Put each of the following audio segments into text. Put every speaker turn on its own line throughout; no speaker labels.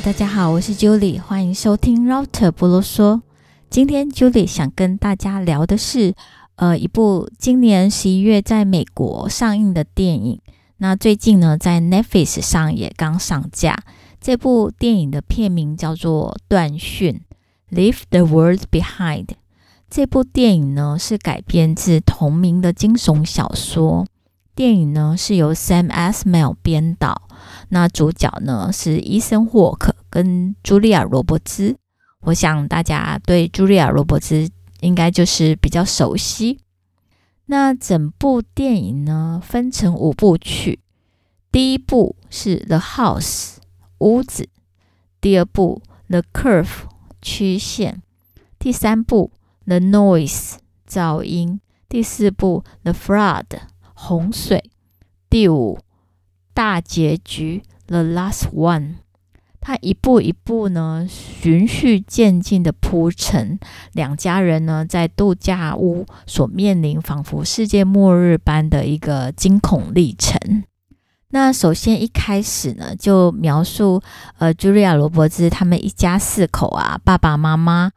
Hi, 大家好，我是 Julie，歡迎收聽《Router 不囉唆》。今天 Julie 想跟大家聊的是，呃，一部今年十一月在美國上映的電影。那最近呢，在 Netflix 上也剛上架。這部電影的片名叫做《斷訊》（Leave the World Behind）。這部電影呢是改編自同名的驚悚小說。電影呢是由 Sam Esmail 編導。那主角呢是伊森霍克跟茱莉亞羅伯茲，我想大家對茱莉亞羅伯茲應該就是比較熟悉。那整部電影呢分成五部曲，第一部是 The House（ 屋子），第二部 The Curve（ 曲線），第三部 The Noise， 第四部 The Flood（ 洪水），第五，大結局《The Last One》，他一步一步呢，循序漸進的鋪陳，兩家人呢在度假屋所面臨仿佛世界末日般的一個驚恐歷程。那首先一開始呢，就描述呃茱莉亞羅伯茲他們一家四口啊，爸爸媽媽、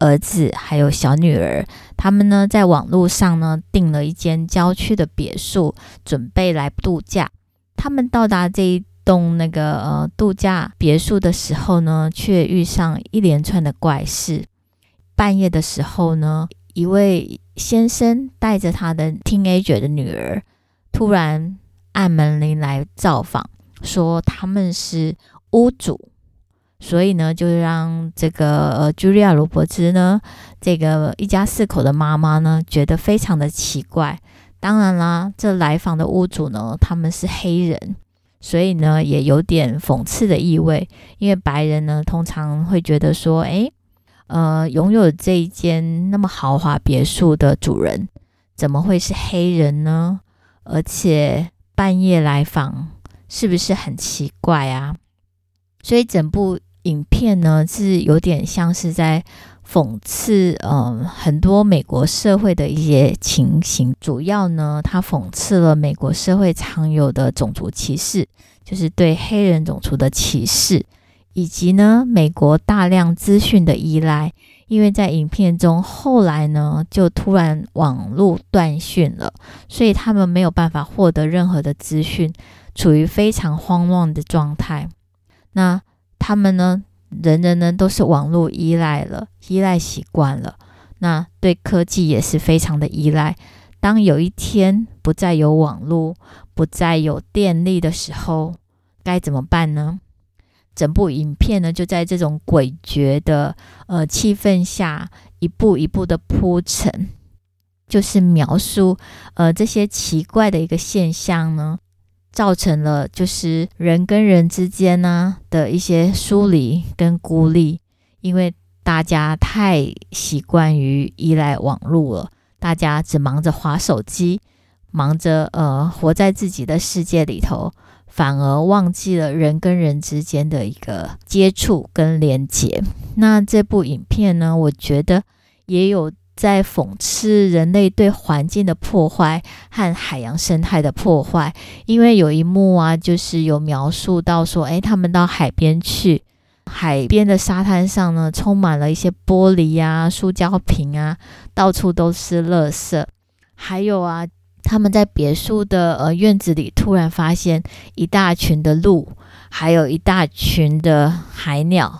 兒子還有小女兒，他們呢在網絡上呢訂了一間郊區的別墅，準備來度假。他們到達這一棟那個呃度假別墅的時候呢，卻遇上一連串的怪事。半夜的時候呢，一位先生帶着他的 teenager 的女兒，突然按門鈴來造訪，說他們是屋主，所以呢，就讓這個呃茱莉亞羅伯茲呢，這個一家四口的媽媽呢，覺得非常的奇怪。當然啦，這來訪的屋主呢，他們是黑人，所以呢也有點諷刺的意味。因為白人呢通常會覺得說，誒，呃，擁有這一間那麼豪華別墅的主人怎麼會是黑人呢？而且半夜來訪，是不是很奇怪啊？所以整部影片呢是有點像是在。諷刺，呃，很多美國社會的一些情形，主要呢，他諷刺了美國社會常有的種族歧視，就是對黑人種族的歧視，以及呢，美國大量資訊的依賴。因為在影片中後來呢，就突然網絡斷訊了，所以他們沒有辦法獲得任何的資訊，處於非常慌亂的狀態。那他們呢？人人呢都是網絡依賴了，依賴習慣了，那對科技也是非常的依賴。當有一天不再有網絡，不再有電力的時候，該怎麼辦呢？整部影片呢就在這種詭譎的呃氣氛下，一步一步的鋪陳，就是描述呃這些奇怪的一個現象呢。造成了就是人跟人之間呢、啊、的一些疏離跟孤立，因為大家太習慣於依賴網絡了，大家只忙着滑手機，忙着呃活在自己的世界裡頭，反而忘記了人跟人之間的一個接觸跟連接。那這部影片呢，我覺得也有。在諷刺人類對環境的破壞和海洋生態的破壞，因為有一幕啊，就是有描述到說，誒、哎，他們到海邊去，海邊的沙灘上呢，充滿了一些玻璃啊、塑膠瓶啊，到處都是垃圾。還有啊，他們在別墅的呃院子裡，突然發現一大群的鹿，還有一大群的海鳥，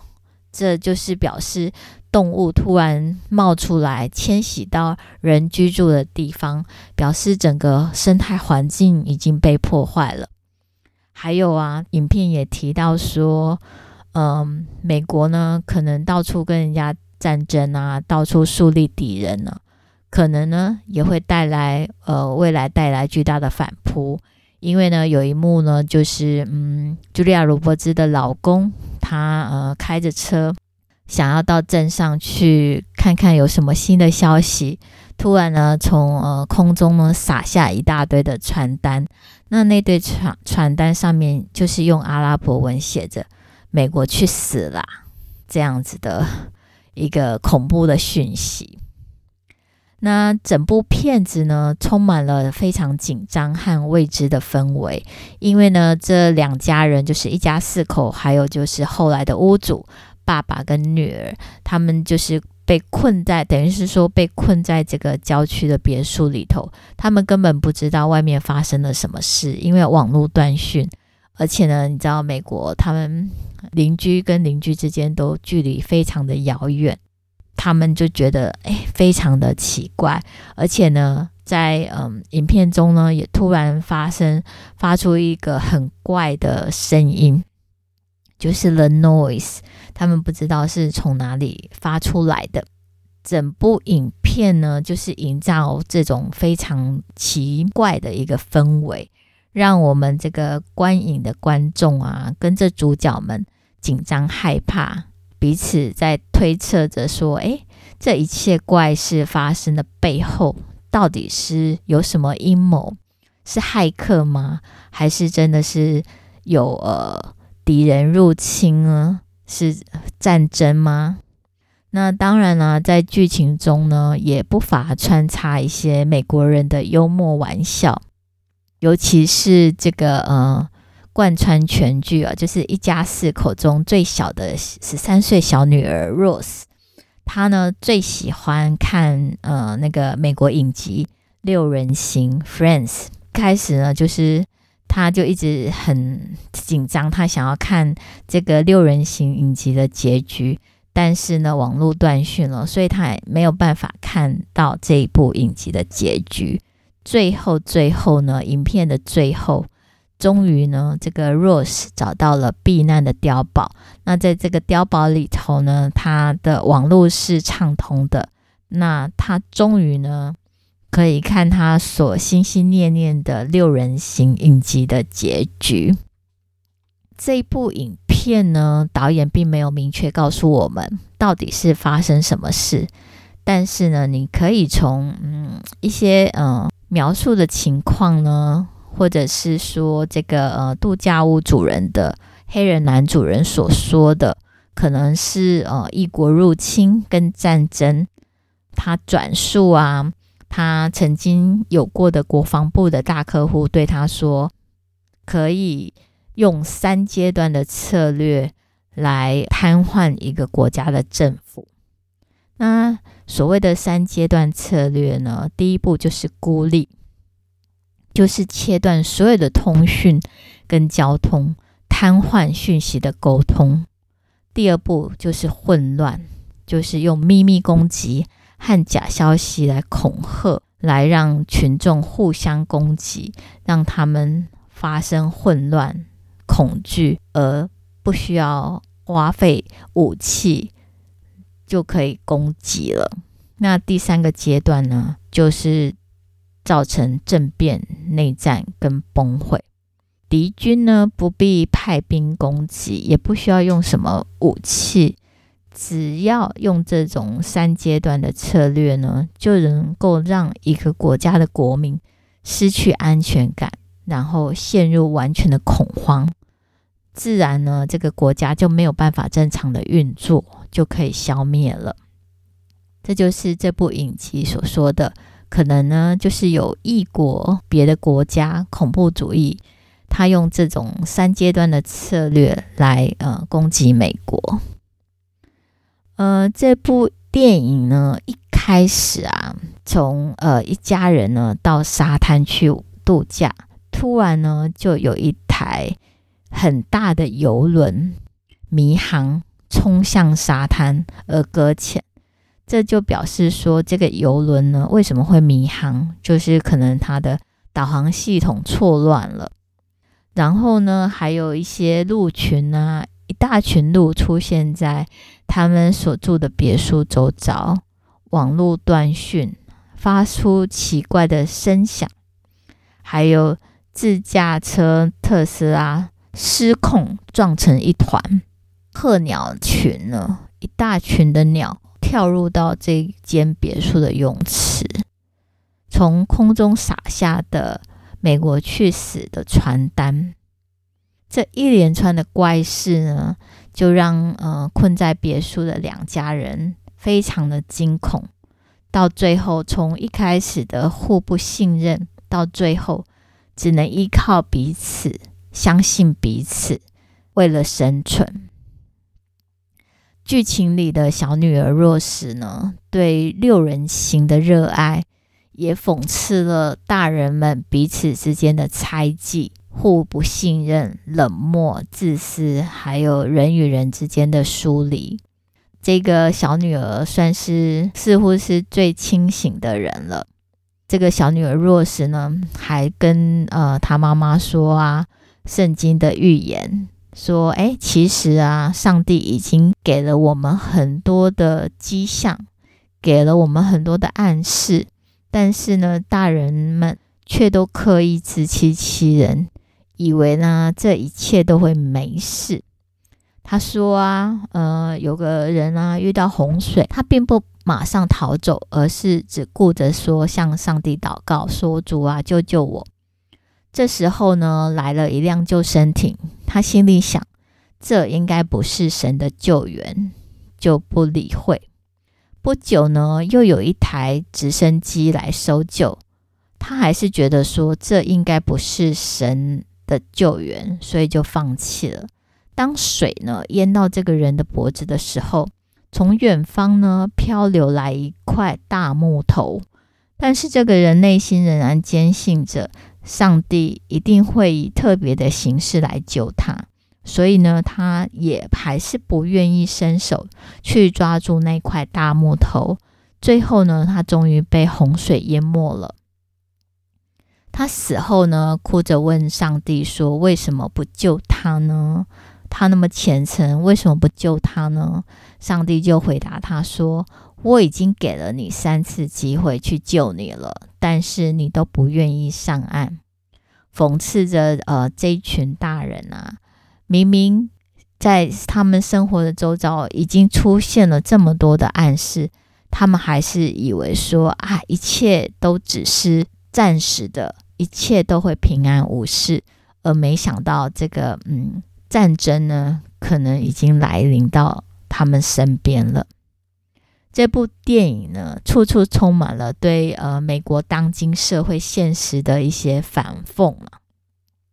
這就是表示。動物突然冒出來，遷徙到人居住的地方，表示整個生態環境已經被破壞了。還有啊，影片也提到說，嗯、呃，美國呢可能到處跟人家戰爭啊，到處樹立敵人呢、啊，可能呢也會帶來呃未來帶來巨大的反撲。因為呢有一幕呢就是，嗯，茱莉亞·羅伯茲的老公，他呃開着車。想要到鎮上去看看有什麼新的消息，突然呢，從呃空中呢撒下一大堆的傳單，那那堆傳傳單上面就是用阿拉伯文寫着“美國去死啦”這樣子的一個恐怖的訊息。那整部片子呢，充滿了非常緊張和未知的氛圍，因為呢，這兩家人就是一家四口，還有就是後來的屋主。爸爸跟女兒，他們就是被困在，等於是說被困在這個郊區的別墅裡頭，他們根本不知道外面發生了什麼事，因為網絡斷訊，而且呢，你知道美國他們鄰居跟鄰居之間都距離非常的遙遠，他們就覺得哎，非常的奇怪，而且呢，在嗯影片中呢，也突然發生發出一個很怪的聲音。就是 The Noise，他們不知道是從哪裡發出來的。整部影片呢，就是營造這種非常奇怪的一個氛圍，讓我們這個觀影的觀眾啊，跟着主角們緊張害怕，彼此在推測着說：“誒、欸，這一切怪事發生的背後，到底是有什麼陰謀？是駭客嗎？還是真的是有呃？”敵人入侵呢，是戰爭嗎？那當然呢，在劇情中呢，也不乏穿插一些美國人的幽默玩笑，尤其是這個呃，貫穿全劇啊，就是一家四口中最小的十三歲小女兒 Rose，她，呢最喜歡看呃那個美國影集《六人行 Friends》，開始呢就是。他就一直很緊張，他想要看這個六人行影集的結局，但是呢，網絡斷訊了，所以他也沒有辦法看到這一部影集的結局。最後，最後呢，影片的最後，終於呢，這個 Rose 找到了避難的碉堡。那在這個碉堡裡頭呢，他的網絡是暢通的。那他終於呢。可以看他所心心念念的六人行影集的結局。這部影片呢，導演並沒有明確告訴我們到底是發生什麼事，但是呢，你可以從嗯一些嗯、呃、描述的情況呢，或者是說這個呃度假屋主人的黑人男主人所說的，可能是呃異國入侵跟戰爭，他轉述啊。他曾經有過的國防部的大客戶對他說，可以用三階段的策略來癱瘓一個國家的政府。那所謂的三階段策略呢？第一步就是孤立，就是切斷所有的通訊跟交通，癱瘓訊息的溝通。第二步就是混亂，就是用秘密攻擊。和假消息，來恐嚇，來讓群眾互相攻擊，讓他們發生混亂、恐懼，而不需要花費武器就可以攻擊了。那第三個階段呢，就是造成政變、內戰跟崩潰。敵軍呢，不必派兵攻擊，也不需要用什麼武器。只要用這種三階段的策略呢，就能夠讓一個國家的國民失去安全感，然後陷入完全的恐慌，自然呢，這個國家就沒有辦法正常的運作，就可以消滅了。這就是這部影集所說的，可能呢，就是有異國別的國家恐怖主義，他用這種三階段的策略來呃攻擊美國。呃，這部電影呢，一開始啊，從呃一家人呢到沙灘去度假，突然呢就有一台很大的遊輪迷航，衝向沙灘而擱淺。這就表示說，這個遊輪呢為什麼會迷航？就是可能它的導航系統錯亂了。然後呢，還有一些鹿群啊。一大群鹿出現在他們所住的別墅周遭，網絡斷訊，發出奇怪的聲響，還有自駕車特斯拉失控撞成一團。鶴鳥群呢？一大群的鳥跳入到這間別墅的泳池，從空中灑下的“美國去死”的傳單。這一連串的怪事呢，就讓呃困在別墅的兩家人非常的驚恐。到最後，從一開始的互不信任，到最後只能依靠彼此、相信彼此，為了生存。劇情裡的小女兒若是呢，對六人行的熱愛，也諷刺了大人們彼此之間的猜忌。互不信任、冷漠、自私，還有人與人之間的疏離。這個小女兒算是似乎是最清醒的人了。這個小女兒若是呢，還跟呃她媽媽說啊：“聖經的預言說，哎，其實啊，上帝已經給了我們很多的跡象，給了我們很多的暗示，但是呢，大人們卻都刻意自欺欺人。”以為呢，這一切都會沒事。他說啊，呃，有個人啊遇到洪水，他並不馬上逃走，而是只顧着說向上帝禱告，說主啊救救我。這時候呢來了一輛救生艇，他心裡想這應該不是神的救援，就不理會。不久呢又有一台直升機來搜救，他還是覺得說這應該不是神。的救援，所以就放棄了。當水呢淹到這個人的脖子的時候，從遠方呢漂流來一塊大木頭，但是這個人內心仍然堅信着上帝一定會以特別的形式來救他，所以呢，他也還是不願意伸手去抓住那塊大木頭。最後呢，他終於被洪水淹沒了。他死後呢，哭着問上帝說：“為什麼不救他呢？他那麼虔誠，為什麼不救他呢？”上帝就回答他說：“我已經給了你三次機會去救你了，但是你都不願意上岸。”諷刺着，呃，這群大人啊，明明在他們生活的周遭已經出現了這麼多的暗示，他們還是以為說，啊，一切都只是暫時的。一切都會平安無事，而沒想到這個嗯戰爭呢，可能已經來臨到他們身邊了。這部電影呢，處處充滿了對呃美國當今社會現實的一些反諷嘛。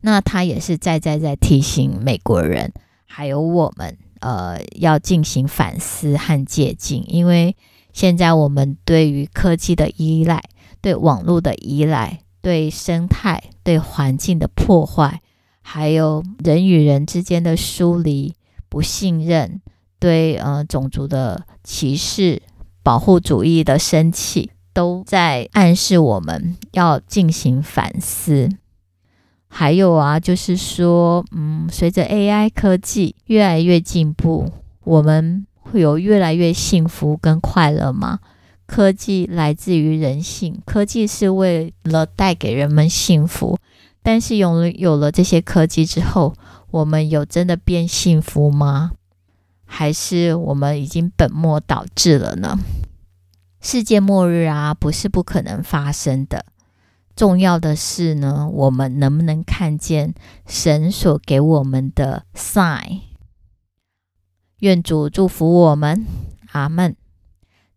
那他也是在在在提醒美國人，還有我們呃要進行反思和借鑒，因為現在我們對於科技的依賴，對網絡的依賴，對生態、對環境的破壞，還有人與人之間的疏離、不信任，對呃種族的歧視、保護主義的升起，都在暗示我們要進行反思。還有啊，就是說，嗯，隨着 AI 科技越來越進步，我們會有越來越幸福跟快樂嗎？科技來自於人性，科技是為了帶給人們幸福。但是有了有了這些科技之後，我們有真的變幸福嗎？還是我們已經本末倒置了呢？世界末日啊，不是不可能發生的。重要的是呢，我們能不能看見神所給我們的 sign。願主祝福我們，阿門。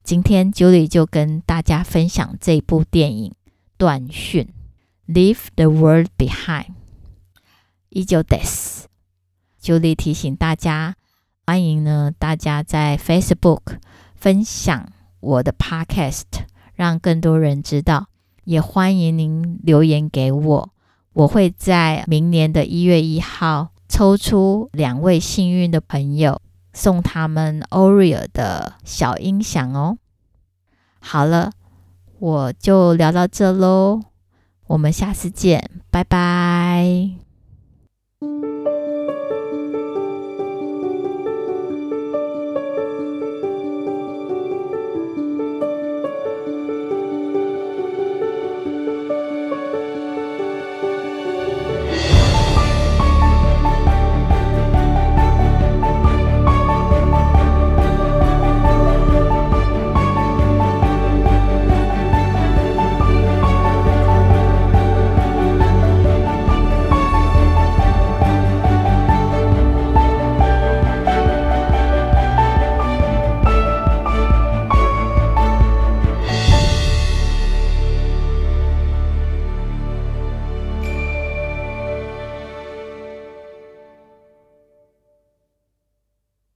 今天 Julie 就跟大家分享這部電影《斷訊》（Leave the World Behind）。依舊 this。Julie 提醒大家，歡迎呢大家在 Facebook 分享我的 Podcast，讓更多人知道。也歡迎您留言給我，我會在明年的一月一號抽出兩位幸運的朋友。送他們 Oreo 的小音響哦。好了，我就聊到這嘍，我們下次見，拜拜。